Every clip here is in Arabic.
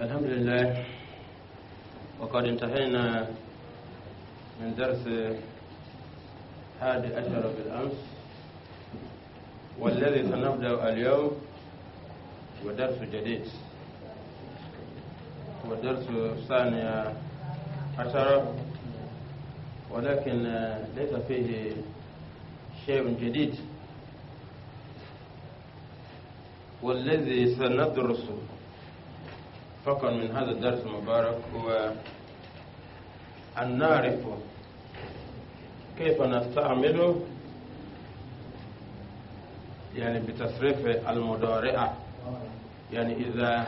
الحمد لله وقد انتهينا من درس هذه أشهر بالأمس والذي سنبدأ اليوم هو درس جديد هو درس الثانية عشرة ولكن ليس فيه شيء جديد والذي سندرسه فقط من هذا الدرس المبارك هو أن نعرف كيف نستعمل يعني بتصريف المضارعة يعني إذا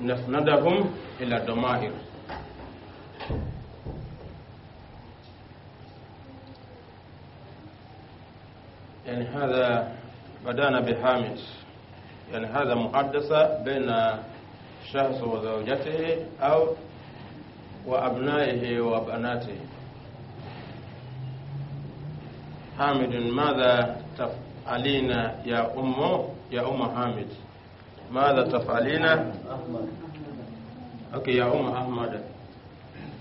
نسندهم إلى الضمائر يعني هذا بدأنا بهامش يعني هذا مقدسة بين شخص وزوجته أو وأبنائه وبناته حامد ماذا تفعلين يا أم يا أم حامد ماذا تفعلين أحمد أوكي يا أم أحمد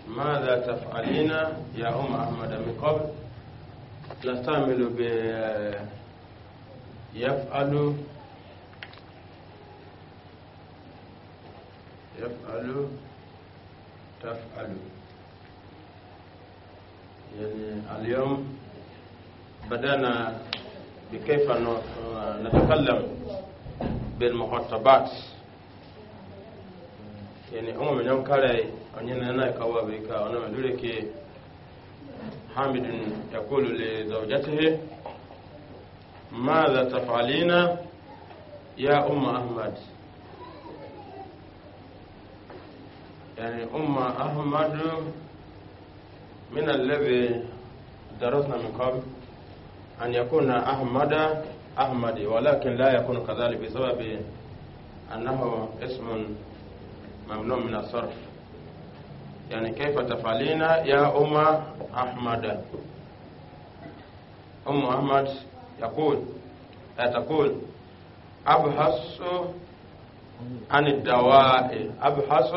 ماذا تفعلين يا أم أحمد من قبل نستعمل ب يفعل يفعل تفعل يعني اليوم بدأنا بكيف نتكلم بالمخطبات يعني أمم اليوم كالي أنينا أنا كوابيكا أنا مدوليكي حامد يقول لزوجته ماذا تفعلين يا أم أحمد يعني أم أحمد من الذي درسنا من قبل أن يكون أحمد أحمد ولكن لا يكون كذلك بسبب أنه اسم ممنوع من الصرف يعني كيف تفعلين يا أم أحمد أم أحمد يقول تقول أبحث عن الدواء أبحث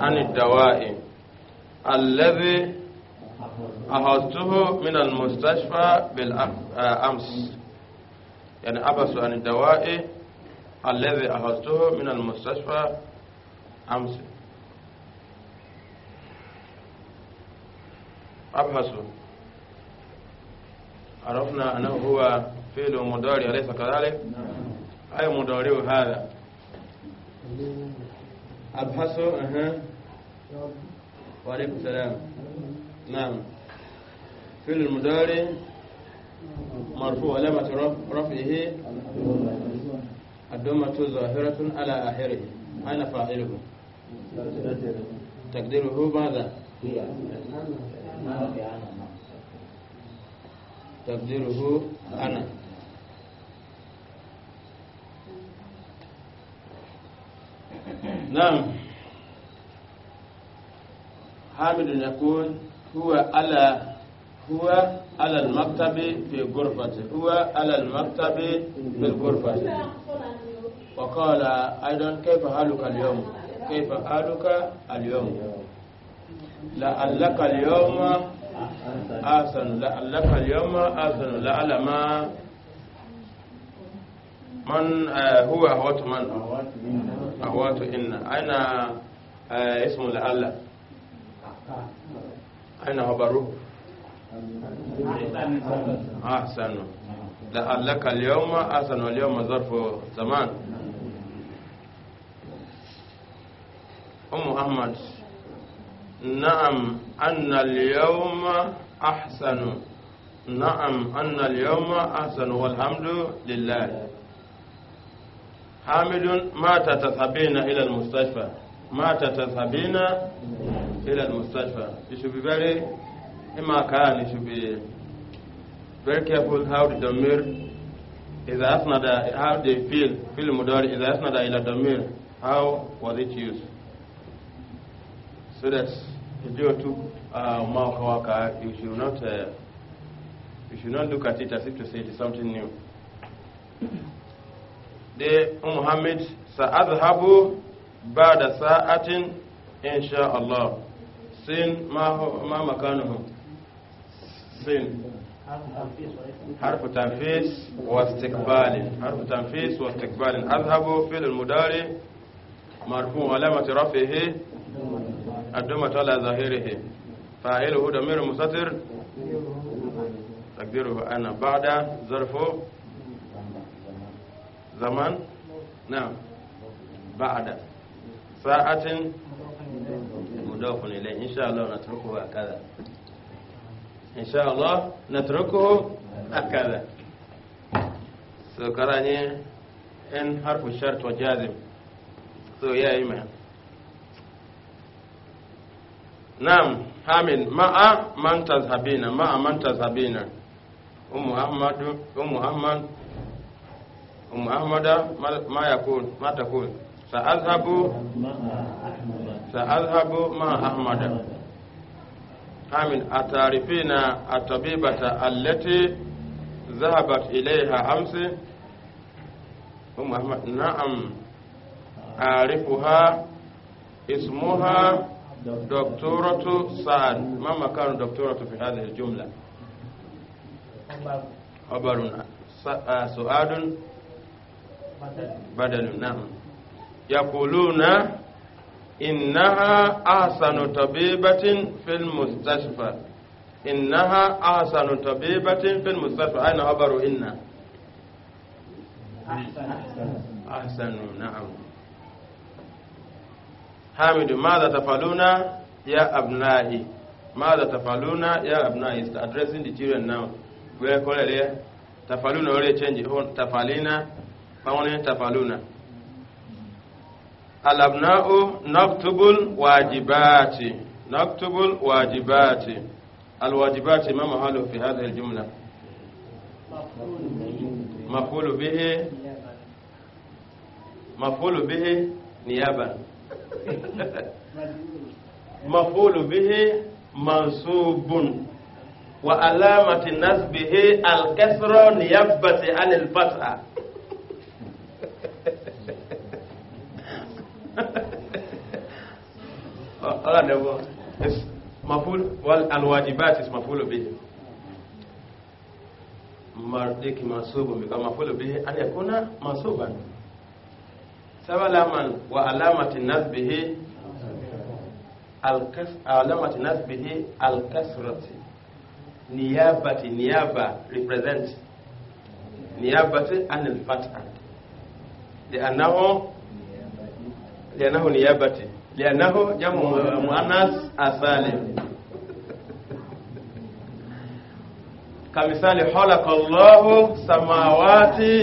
عن الدواء الذي أخذته من المستشفى بالأمس يعني أبحث عن الدواء الذي أخذته من المستشفى أمس أبحث عرفنا أنه هو فيل مضارع أليس كذلك؟ أي مضارع هذا ابحثوا أها وعليكم السلام نعم في المدار مرفوع علامة رفعه الدمة ظاهرة على آخره أين فاعله تقديره ماذا تقديره أنا نعم حامد يقول هو على هو على المكتب في غرفته هو على المكتب في غرفته وقال أيضا كيف حالك اليوم كيف حالك اليوم لعلك اليوم أحسن لعلك اليوم أحسن لعل ما من آه، هو أهوات من أهوات إن أنا آه، اسم لألا أين خبره أحسن لعلك اليوم أحسن اليوم ظرف زمان أم أحمد نعم أن اليوم أحسن نعم أن اليوم أحسن والحمد لله حامل ماتت سبعين إلى المستشفى ماتت سبعين إلى المستشفى you should be very إما كان you should be very careful how the ضمير is asked, how they feel في المضارع إذا أسند إلى الضمير how was it used so that if you took uh, Mawakawaka you should not uh, you should not look at it as if to say it is something new de muhammad sa'adhabu ba'da sa'atin insha Allah sin ma ma makanuhu sin حرف تنفيس واستقبال حرف تنفيس واستقبال أذهب فعل المضارع مرفوع علامة رفعه الدمة على ظاهره فاعله ضمير مستتر تقديره أنا بعد ظرف زمان نعم بعد ساعة مضاف إليه إن شاء الله نتركه هكذا إن شاء الله نتركه هكذا سكراني إن حرف الشرط وجازم سو يا إيمان نعم حامل ما من تذهبين ما من تذهبين أم محمد أم محمد أم أحمد ما يقول ما تقول سأذهب سأذهب مع أحمد آمين أتعرفين الطبيبة التي ذهبت إليها أمس أم أحمد نعم أعرفها اسمها دكتورة سعد ما مكان دكتورة في هذه الجملة خبر آه، سؤال badalun na'am yaquluna innaha ahsanu tabibatin fil mustashfa innaha ahsanu tabibatin fil mustashfa aina habaru inna ahsanu na'am hamidu madha tafaluna ya abnai madha tafaluna ya abnai is addressing the children now where kolele tafaluna ore change tafalina báwọn tafaluna alabna'u naktubul wajibati naktubul wajibati alwajibati ma mahalu fi hadhihi aljumla mafulu bihi mafulu bihi niyaba mafulu bihi mansubun wa alamati nasbihi alkasra niyabati anil fatha Umar dogo is maful wal alwajibat is maful bihi mardiki mansubu bi kama maful bihi an yakuna mansuban sawa laman wa alamati nasbihi alkas alamati nasbihi alkasrati niyabati niyaba represent niyabati anil fatha li'annahu li'annahu niyabati lianahu jamu uh, muannas asalim kamithali khalaqa Allahu samawati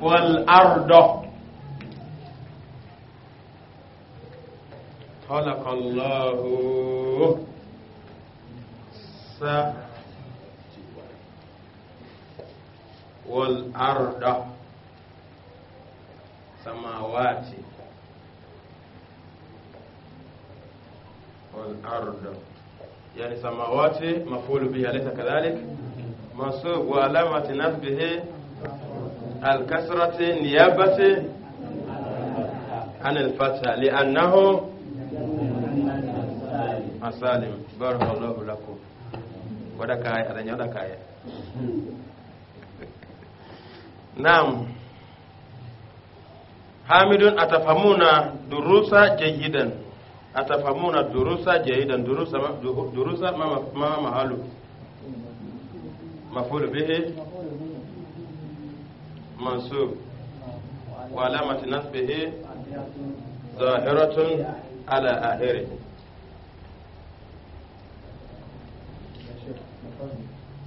wal arda خلق الله س والأرض سماواتي الأرض يعني سماوات مفعول به أليس كذلك منصوب وعلامة نصبه الكسرة نيابة عن الفتح لأنه مسالم بارك الله لكم ودكاية أدنى ودكاية نعم حامد أتفهمون دروسا جيدا atafamuna durusa جيدا durusa durusa ما ما mahalu مفعول به منصوب وعلامة نصبه ظاهرة على آخره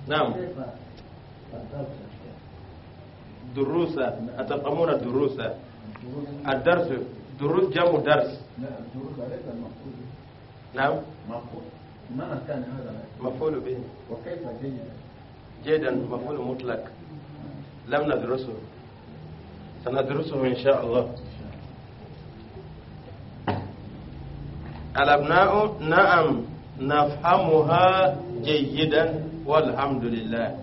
نعم دروس أتفهمون الدروس الدرس دروس جمع درس لا الدروس عليك المفعول نعم مفعول ما كان هذا مفعول به وكيف جيدا جيدا مفعول مطلق لم ندرسه سندرسه إن شاء الله الأبناء نعم نفهمها جيدا والحمد لله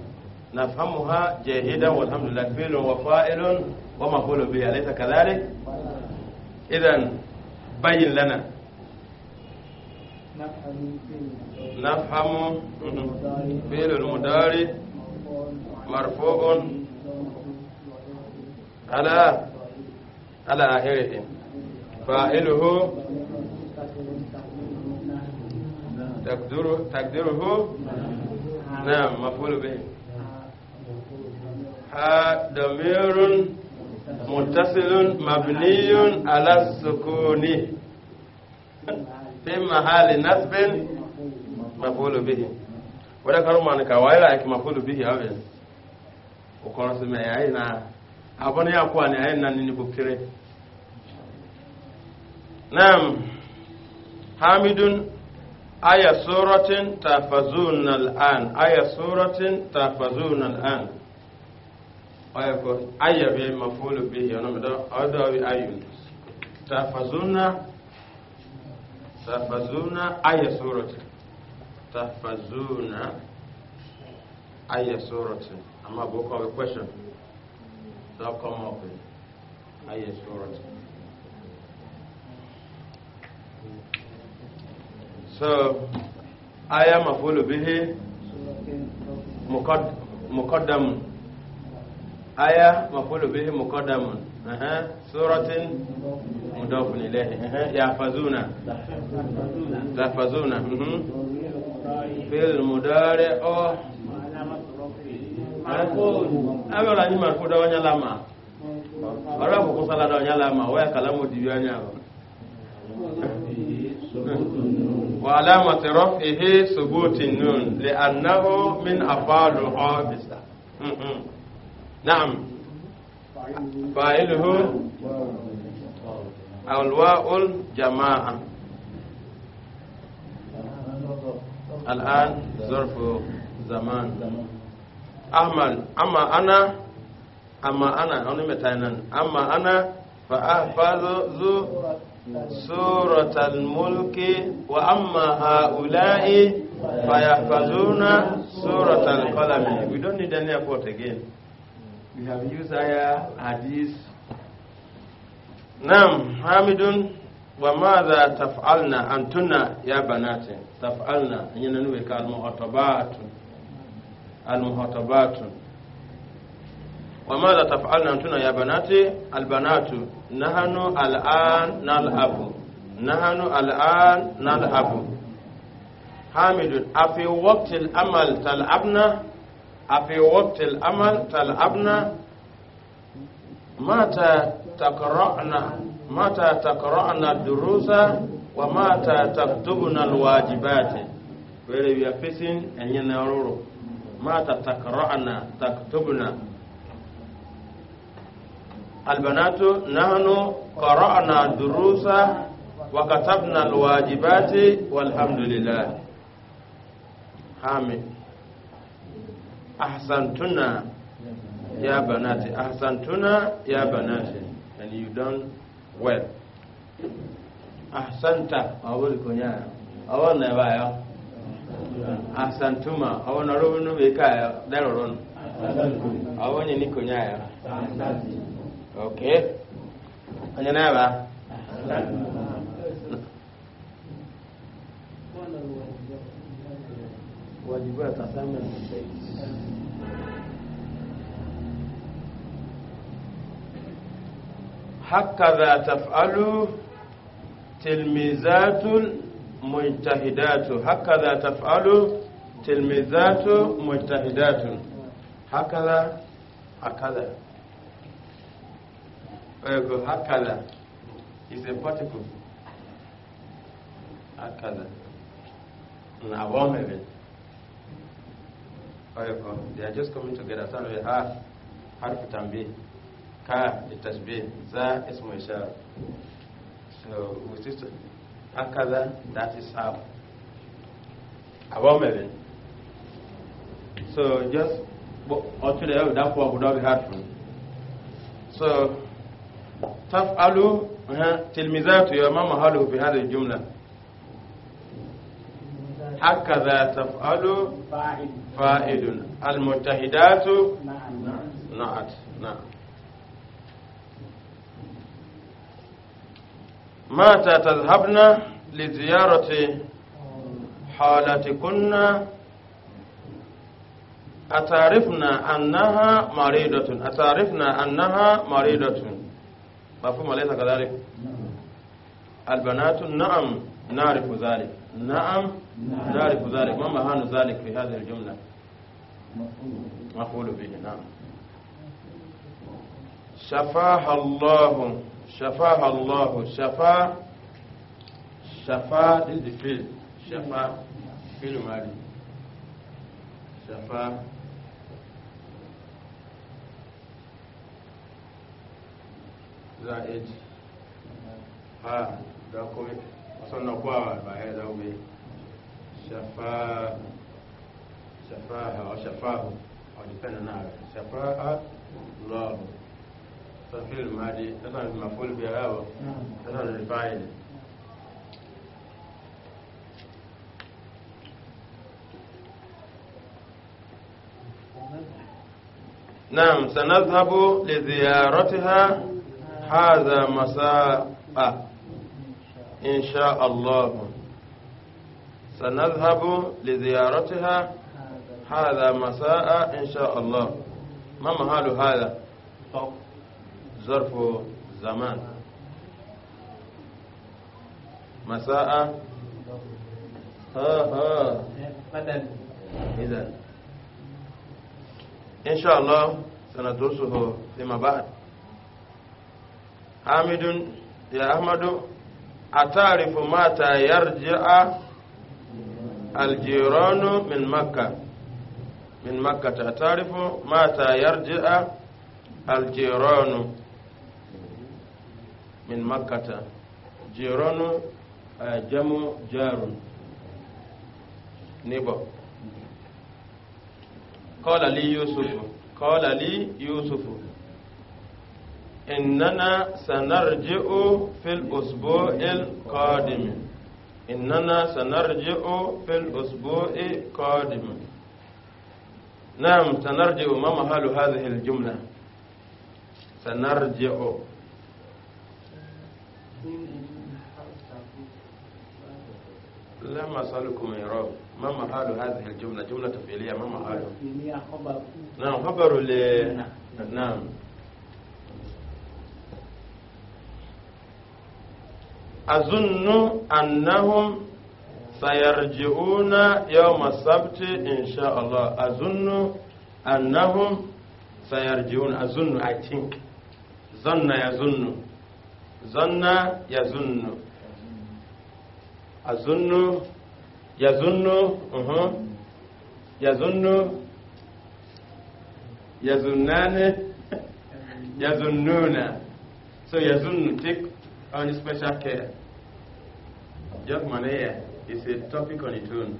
نفهمها جيدا والحمد لله فعل وفاعل ومفعول به أليس كذلك؟ إذا بين لنا نفهم فعل المضارع مرفوع على على آخره فاعله تقدره تقدره نعم مفعول به ضمير متصل مبني على السكون في محل نصب مفعول به ولا كرمان كوايلا اك مفعول به اوبن وكون سمي اينا abon ya kuwa ne ayin nan ni bukire nam hamidun aya suratin tafazun al'an aya suratin tafazun oya ko ayya be mafulu bihi ono mi do odo bi ayun tafazuna tafazuna ayya surati tafazuna ayya surati amma book of the question that come up with ayya surati so ayya mafulu bihi muqaddamun aya mafulu bihi muqaddamun aha suratin mudafun ilayhi aha yahfazuna yahfazuna mhm fil mudari o abara ni marfu da wanya lama ora ko kusala da wanya lama wa kalamu dibi wanya wa alamati rafihi subutin nun li annahu min afalu habisa mhm نعم فاعله او الواء الجماعة الآن ظرف زمان أحمل أما أنا أما أنا أنا متعنان أما أنا فأحفظ سورة الملك وأما هؤلاء فيحفظون سورة القلم We don't need any effort again We have used ayah, hadith. Nam, Hamidun, wa maza taf'alna antunna ya banati taf'alna yana nuna ka al-muhatabatun al wa maza taf'alna antunna ya banati al-banatu nahnu al-an nal'abu nahnu al-an nal'abu hamidun afi waqtil amal tal'abna أفي وقت الأمل تلعبنا متى تقرأنا متى تقرأنا الدروس ومتى تكتبنا الواجبات where we are facing ẹ̀yìn náà rúrù mata takarọ́ọ̀nà taktubna albanatu nahanu kọ̀rọ̀ọ̀nà durusa wakatabna alwajibati walhamdulillah amin ahsantuna ya banati ahsantuna ya banati and you done well ahsanta awol kunya awon go now. I ahsantuma awon ro nu be ka yo daroron awon ni kunya yo okay anya na ba wajibiwa kasama na msaidizi hakadha tafalu tilmizatu mujtahidatu hakadha tafalu tilmizatu mujtahidatu hakadha hakadha Ergo, hakadha is a particle. Hakadha. An abominable. they are just coming together So ha harfi tambi ka litasbih za ismu ishara so with it hakaza that is how awamere so just until the that one would not be so تفعل تلميذات يا ماما هذا في هذه هكذا تفعل فائد المجتهدات نعم نعم متى تذهبن لزيارة حالتكن أتعرفنا أنها مريضة أتعرفنا أنها مريضة مفهوم ليس كذلك البنات نعم نعرف ذلك نعم نعرف ذلك ما مهان ذلك في هذه الجملة مقول به نعم شفاها الله شفاها الله شفا شفا فيل شفا فيل مالي شفا زائد ها dako wasonna kwa baada ume shafa shafaha au shafahu au dipenda na shafaha Allah tafsir maji sasa ni mafuli pia hapo sasa ni faili نعم سنذهب لزيارتها هذا مساء إن شاء الله سنذهب لزيارتها هذا مساء إن شاء الله ما مهال هذا ظرف زمان مساء ها آه، آه. ها إذا إن شاء الله سندرسه فيما بعد حامد يا أحمد atarifu mata yarji'a aljiranu min makka min makka ta atarifu mata yarji'a aljiranu min makka ta jiranu jamu jarun níbọ̀ kọ́lá lí yusufu kọ́lá lí yusufu إننا سنرجع في الأسبوع القادم إننا سنرجع في الأسبوع القادم نعم سنرجع ما محل هذه الجملة سنرجع سألكم يا رب ما محل هذه الجملة جملة فعلية ما محل نعم خبر نعم, نعم. أظن أنهم سيرجعون يوم السبت إن شاء الله أظن أنهم سيرجعون أظن I think ظن يظن ظن يظن أظن يظن أه. يظن يظنان يظنون so يظن take on special care. Just malaria is a topic on its own.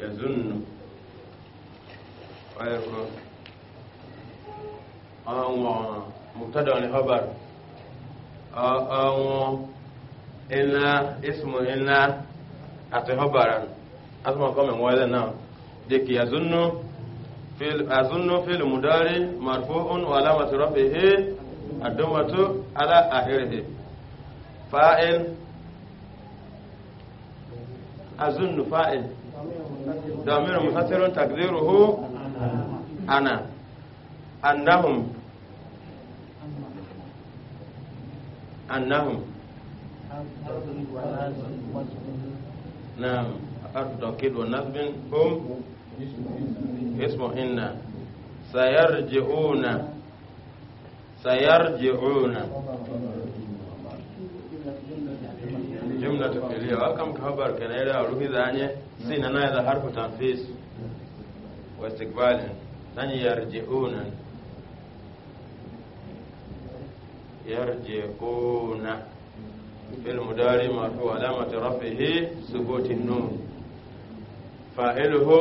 Yazun. Ayako. Àwọn mùtádà ní Hobart. Àwọn ńlá ismu ńlá àti Hobart. Asma kọ́mẹ̀ wọlé náà. now. Deki azunnu fil mudari marfu'un wa alamati rafihi ad-dumatu ala akhirih fa'il azunnu fa'il domin mufassirun takdiruhu ana annahum annahum نعم أرض كيد ونصب هم اسمهن سيرجعون سيرجعون jumlatu fi'liya wa kam khabar kana ila ruhi zanye sina na ila harfu tanfis wa istiqbalin tani yarji'una yarji'una fil mudari marfu alamati rafihi thubuti nun fa'iluhu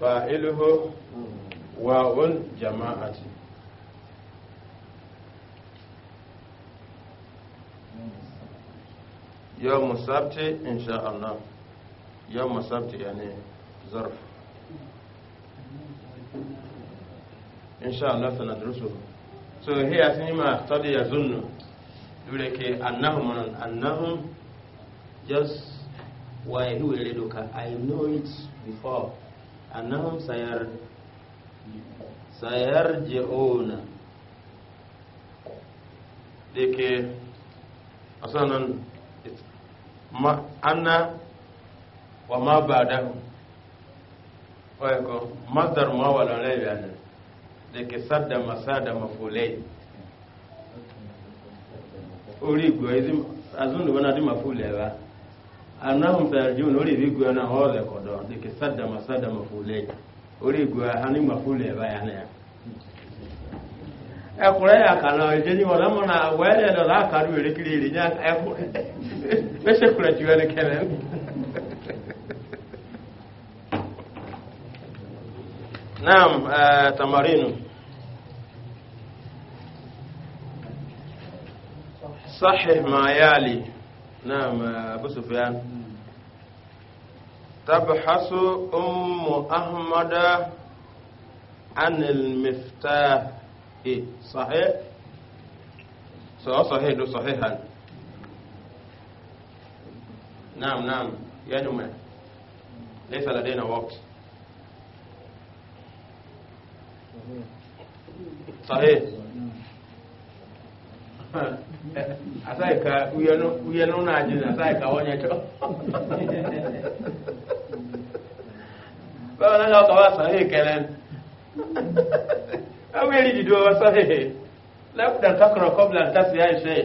fa'iluhu wa'un jama'ati يوم السبت إن شاء الله يوم السبت يعني ظرف إن شاء الله سندرسه so هي سيما اقتضي يظن يقولك أنهم أنهم just why he will look I know it before أنهم سير سيرجعون لكي أصلا ma ana wa ma ba'dahu oye ko masdar ma wala lay yani de ke sadda masada mafulay ori igbo izi azunu bana di mafulay ba anahum tarjun ori igbo na hole kodo de ke sadda masada mafulay ori igbo hani mafulay ba yani ẹkùnrin àkànà ìjẹni wọn lọmọ náà wẹẹrẹ lọ láàkàdúrà kiri ìrìn ní ẹkùnrin ليش ياكل الجوال كمان نعم تمارين صحح ما يالي نعم أبو سفيان تبحث أم أحمد عن المفتاح صحيح؟ صحيح صحيح صحيحا نعم نعم يا نمى ليس لدينا وقت صحيح asai ka uyenu na ajin asai ka wonye to báwo náà lọ́kọ̀ wá sọ́hé kẹlẹ́n ẹgbẹ́ ìrìnjìdó wá sọ́hé lẹ́kùdà tọkọrọ kọ́bùlà ń tàṣí àìṣẹ́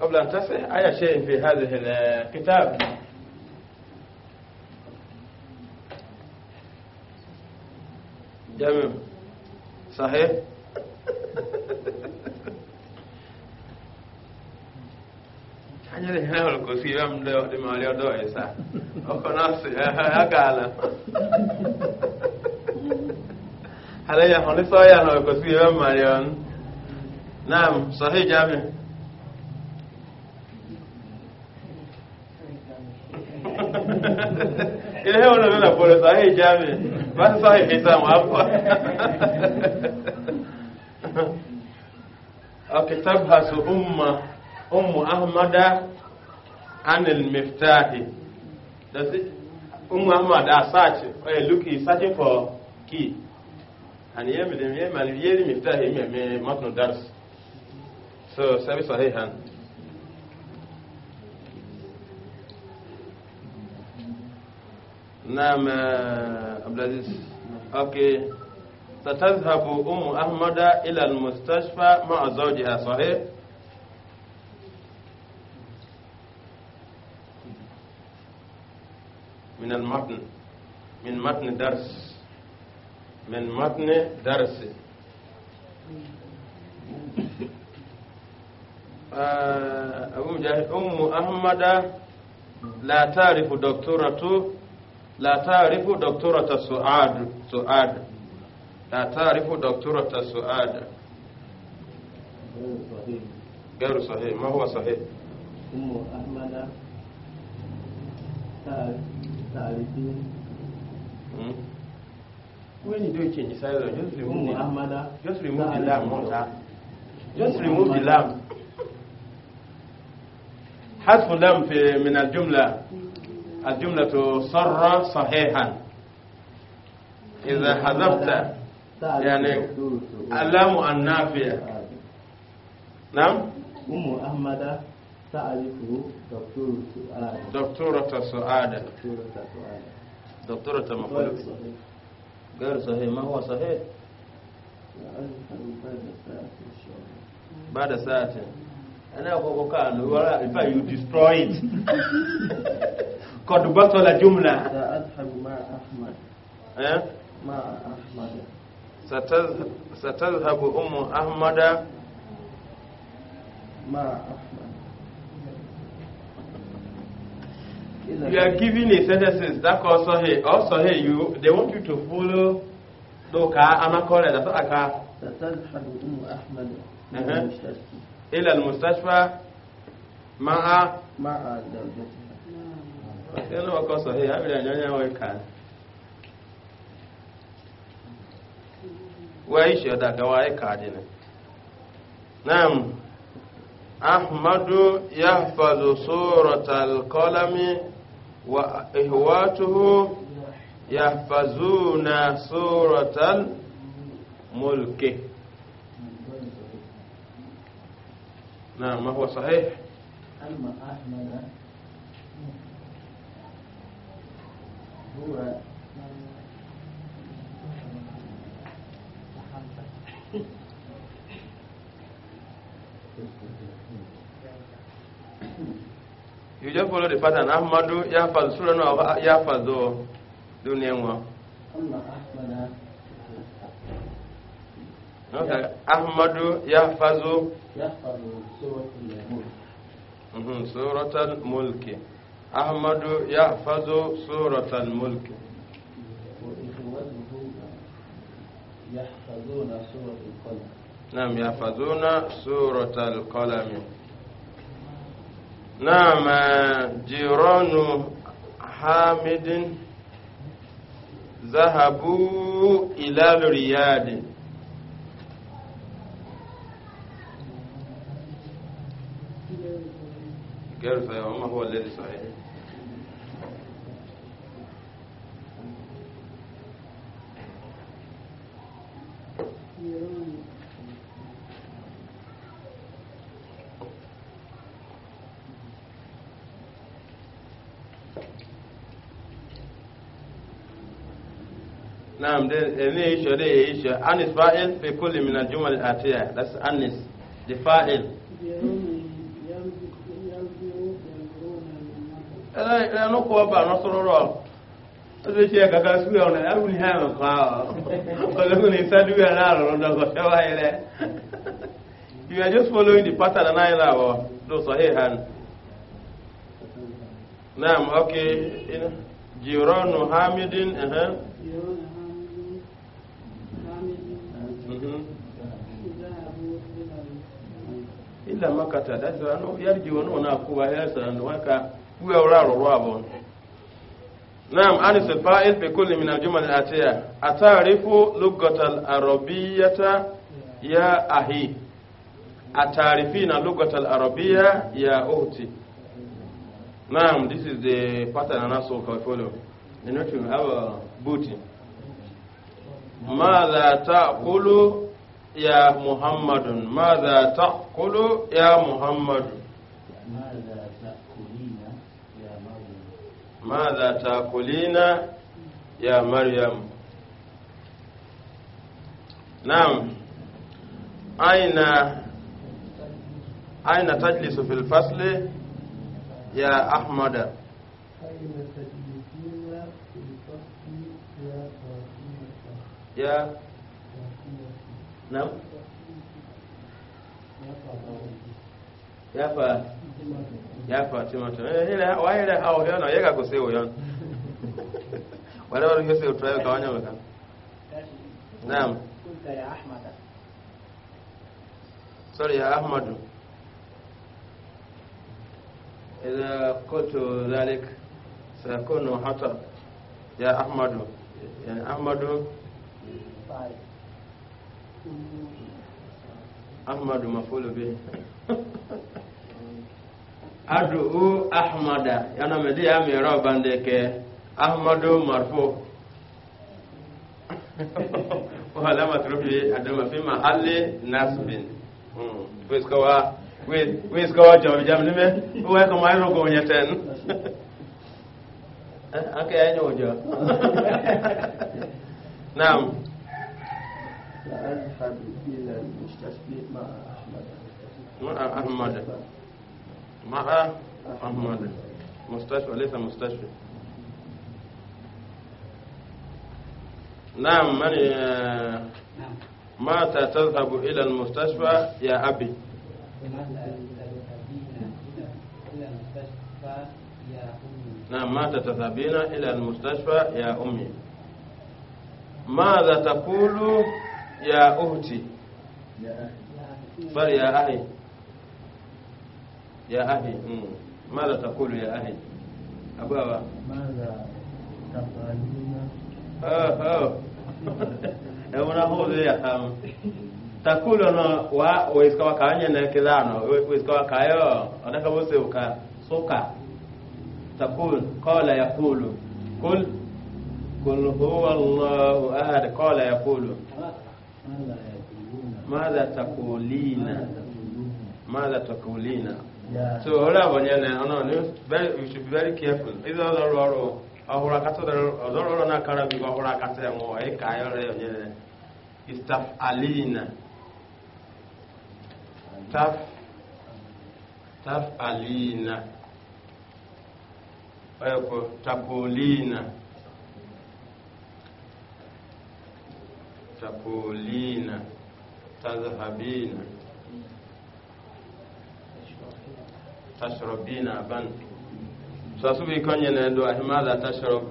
قبل أن تصح أي شيء في هذه الكتاب جميل صحيح hanyar ihe hụrụ ka o si ire m dị ma ọrịa ọdọ ịsa ọkọ na-asị ya gaala ala ya hụrụ sọ ya na ọkọ si ire m ma ọrịa ọnụ naam sọhị jamiu ile hewa na pole sahi jame basi sahi hisamu hapo akitabhasu umma ummu ahmada anil miftahi does it ummu ahmada are searching or looking searching for key and yemi dem yemi yemi miftahi yemi matnu dars so sabi sahihan نعم عبد العزيز اوكي ستذهب ام احمد الى المستشفى مع زوجها صحيح من المتن من متن درس من متن درس آه، أم أحمد لا تعرف دكتورة لا تعرف دكتورة سعاد سعاد لا تعرف دكتورة سعاد غير صحيح ما هو صحيح أم أحمد تعرفين When you do it, change silence. Just remove the lamb. Just remove the lamb. Just remove the lamb. حذف لام في من الجملة الجملة صر صحيحا إذا حذفت يعني اللام النافية نعم أم أحمد تعرف دكتورة سعادة دكتورة سعادة دكتورة مخلوق غير صحيح ما هو صحيح بعد ساعة أنا أقول لك you destroy it قد بطل جملة سأذهب مع أحمد eh? مع أحمد ستذهب أم You are giving a sentence that also also you they want you to follow do ka ana kore da ta ka ستذهب أم أحمد uh-huh. إلى المستشفى مع مع زوجتها Ẹ lọ́wọ́ kọ́ sọ, ẹ ábìrì àjọyìn àwọn ìka. Wọ́n yìí ṣe ọ̀dà kan wá ìka àdìní. Naam, Ahmadu yahfazu suratal qalami wa ihwatuhu yahfazuna suratal mulki. Naam, ma huwa sahih. Alma Ahmada eh? you just follow the pattern ahmadu yafal sunanu yafal do duniya nwa Okay. Ahmadu أحمد يحفظ سورة الملك وإخوته يحفظون سورة القلم نعم يحفظون سورة القلم نعم جيران حامد ذهبوا إلى الرياض كيف وما هو الذي صحيح نعم ليش ليش أنس فاعل في كل من الجمل الآتية بس أنس لفاعل لا لا نقوى بقى نصر الله you are just following the pattern náírà hand نعم اوكي جيران حامد اها ila makata dasira no yarji wono na kuwa yasa ndo waka kuwa ora roro abon نعم أنس الفائز بكل من الجمل الآتية أتعرف لغة العربية يا أهي أتعرفين لغة العربية يا أختي Ma'am, this is the pattern and also portfolio. The next one, have a booty. Mada ta'kulu ya Muhammadun. Mada ta'kulu ya Muhammadun. Mada ta'kulina ya Maryam. Mada ta'kulina ya Maryam. Ma'am, aina aina tajlisu fil fasli. Ma'am, aina يا أحمد أين تجلسين في الفصل يا فاطمة يا نعم يا فاطمة يا فاطمة هنا وهنا أو هنا يا كوسيو هنا ولا ولا كوسيو تراي كوانيا مكان نعم قلت يا أحمد سوري يا أحمد إذا قلت ذلك سيكون خطأ يا أحمد يعني أحمد أحمد مفعول به أدعو أحمد أنا مدي أمي ربا ديك أحمد مرفوع وعلامة رفعه عندما في محل نصب فسكوا with with God job jam ni me we ko mai ro go nyeten ake anyo jo naam أذهب إلى المستشفى مع أحمد مع أحمد مع أحمد مستشفى ليس مستشفى نعم من متى تذهب إلى المستشفى يا أبي نعم ماذا تذهبين إلى المستشفى يا أمي ماذا تقول يا أختي بل يا أهي يا أهي ماذا تقول يا أهي أبابا ماذا تفعلين أوه أوه أنا هو يا أم takulo no wa oiska wa kanya na oiska wa kayo anaka bose uka soka takul qala yaqulu kul kul huwa allah ahad qala yaqulu madha takulina madha takulina so hola bonyana ono no you should be very careful izo lororo ahura kato lororo na karabi ahura kato mo e kayo re istaf alina taf tafalina ayoko takulina takulina tadhhabina tashrabina aban sasubi konye na ndo ahimada tashrab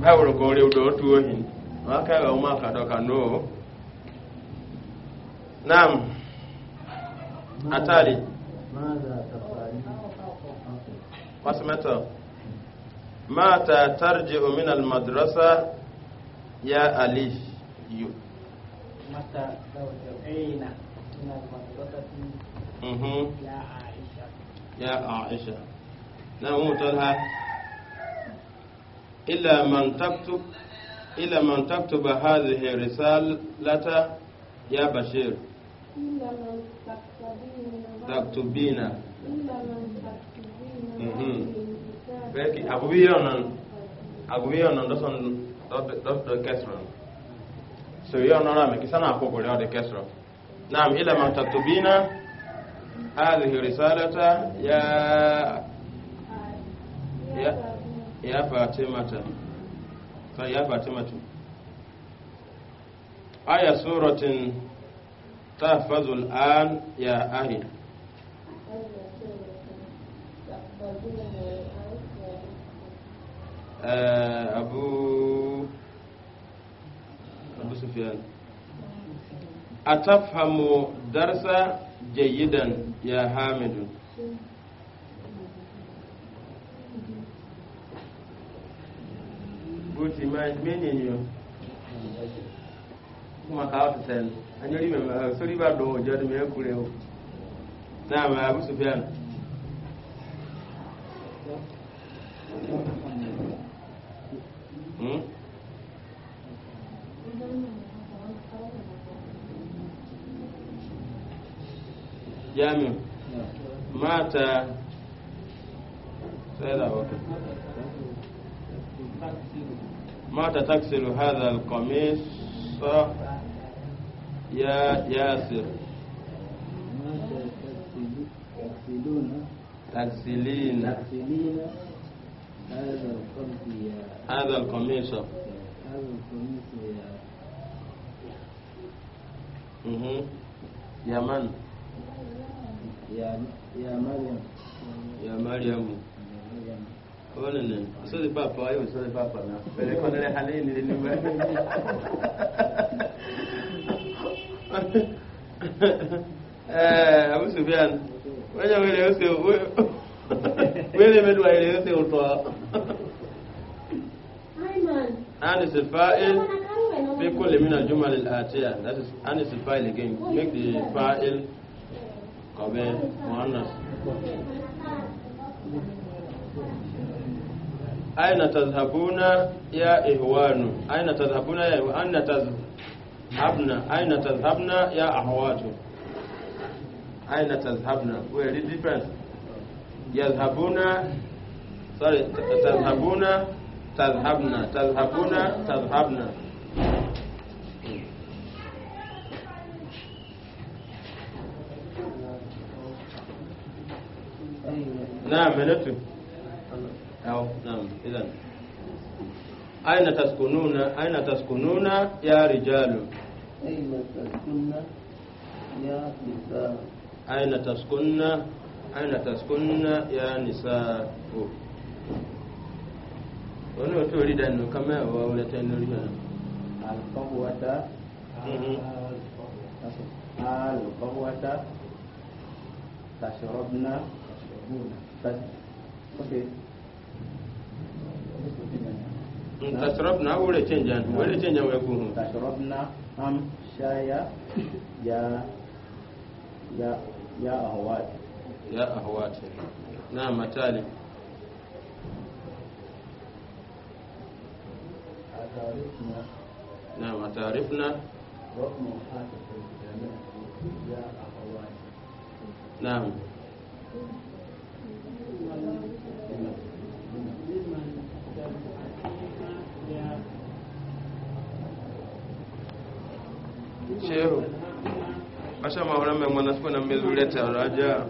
bawro gore do tuohin maka wa maka do kanu نعم أتالي ماذا تفعلين قسمته متى ترجع من المدرسة يا أليف يو متى أين من المدرسة يا عائشة يا عائشة نعم تلها إلا من تكتب إلا من تكتب هذه الرسالة يا بشير taktubina peki mhm. agubiyonan agubiyonan doson dosdo kesron so yonorame kisana akogolewode kesro nam ila man taktubina hadhihi risalata ya ya ya fatimata ya fatimatu aya suratin تحفظ الآن يا أهل آه، أبو أبو سفيان أتفهم درس جيدا يا حامد بوتي ما منين يوم kuma ka ta san an yori mai sori ba do jodi me kure o na ma abu sufyan hmm jamiu mata متى تغسل هذا القميص يا ياسر تغسلين تغسلين هذا القميص يا هذا القميص هذا القميص يا اها يا من يا يا مريم يا مريم Wannan ne, so da papa yau, so da papa na, bai da kwanar halin ne da Eh, abu sufiyan wajen wele yau sai wele mai duwa yau sai wutuwa anis fa'il fi kulli min al-jumal al-atiya that is anis fa'il again make the fa'il qabe muannas aina tazhabuna ya ihwanu aina tazhabuna ya ihwanu أبنى أين تذهبنا يا أخواتي أين تذهبنا where it depends يذهبون sorry تذهبون تذهبنا تذهبون تذهبنا نعم منتو أو نعم إذا aina taskununa aina taskununa ya rijalu aina taskunna ya nisa aina taskunna aina taskunna ya nisa o wani wata wuri da nuka mai wa wuri ta nuri yana alfawata mhm. alfawata tashirabna tashirabuna تشربنا ولا تنجان ولا تنجان ويكون تشربنا أم شايا يا يا يا أهوات يا أهوات نعم تالي أتعرفنا نعم أتعرفنا رقم حاتف الجامعة يا أهوات نعم Cheo. Asha mahura mengwana siku na mbezuleta raja.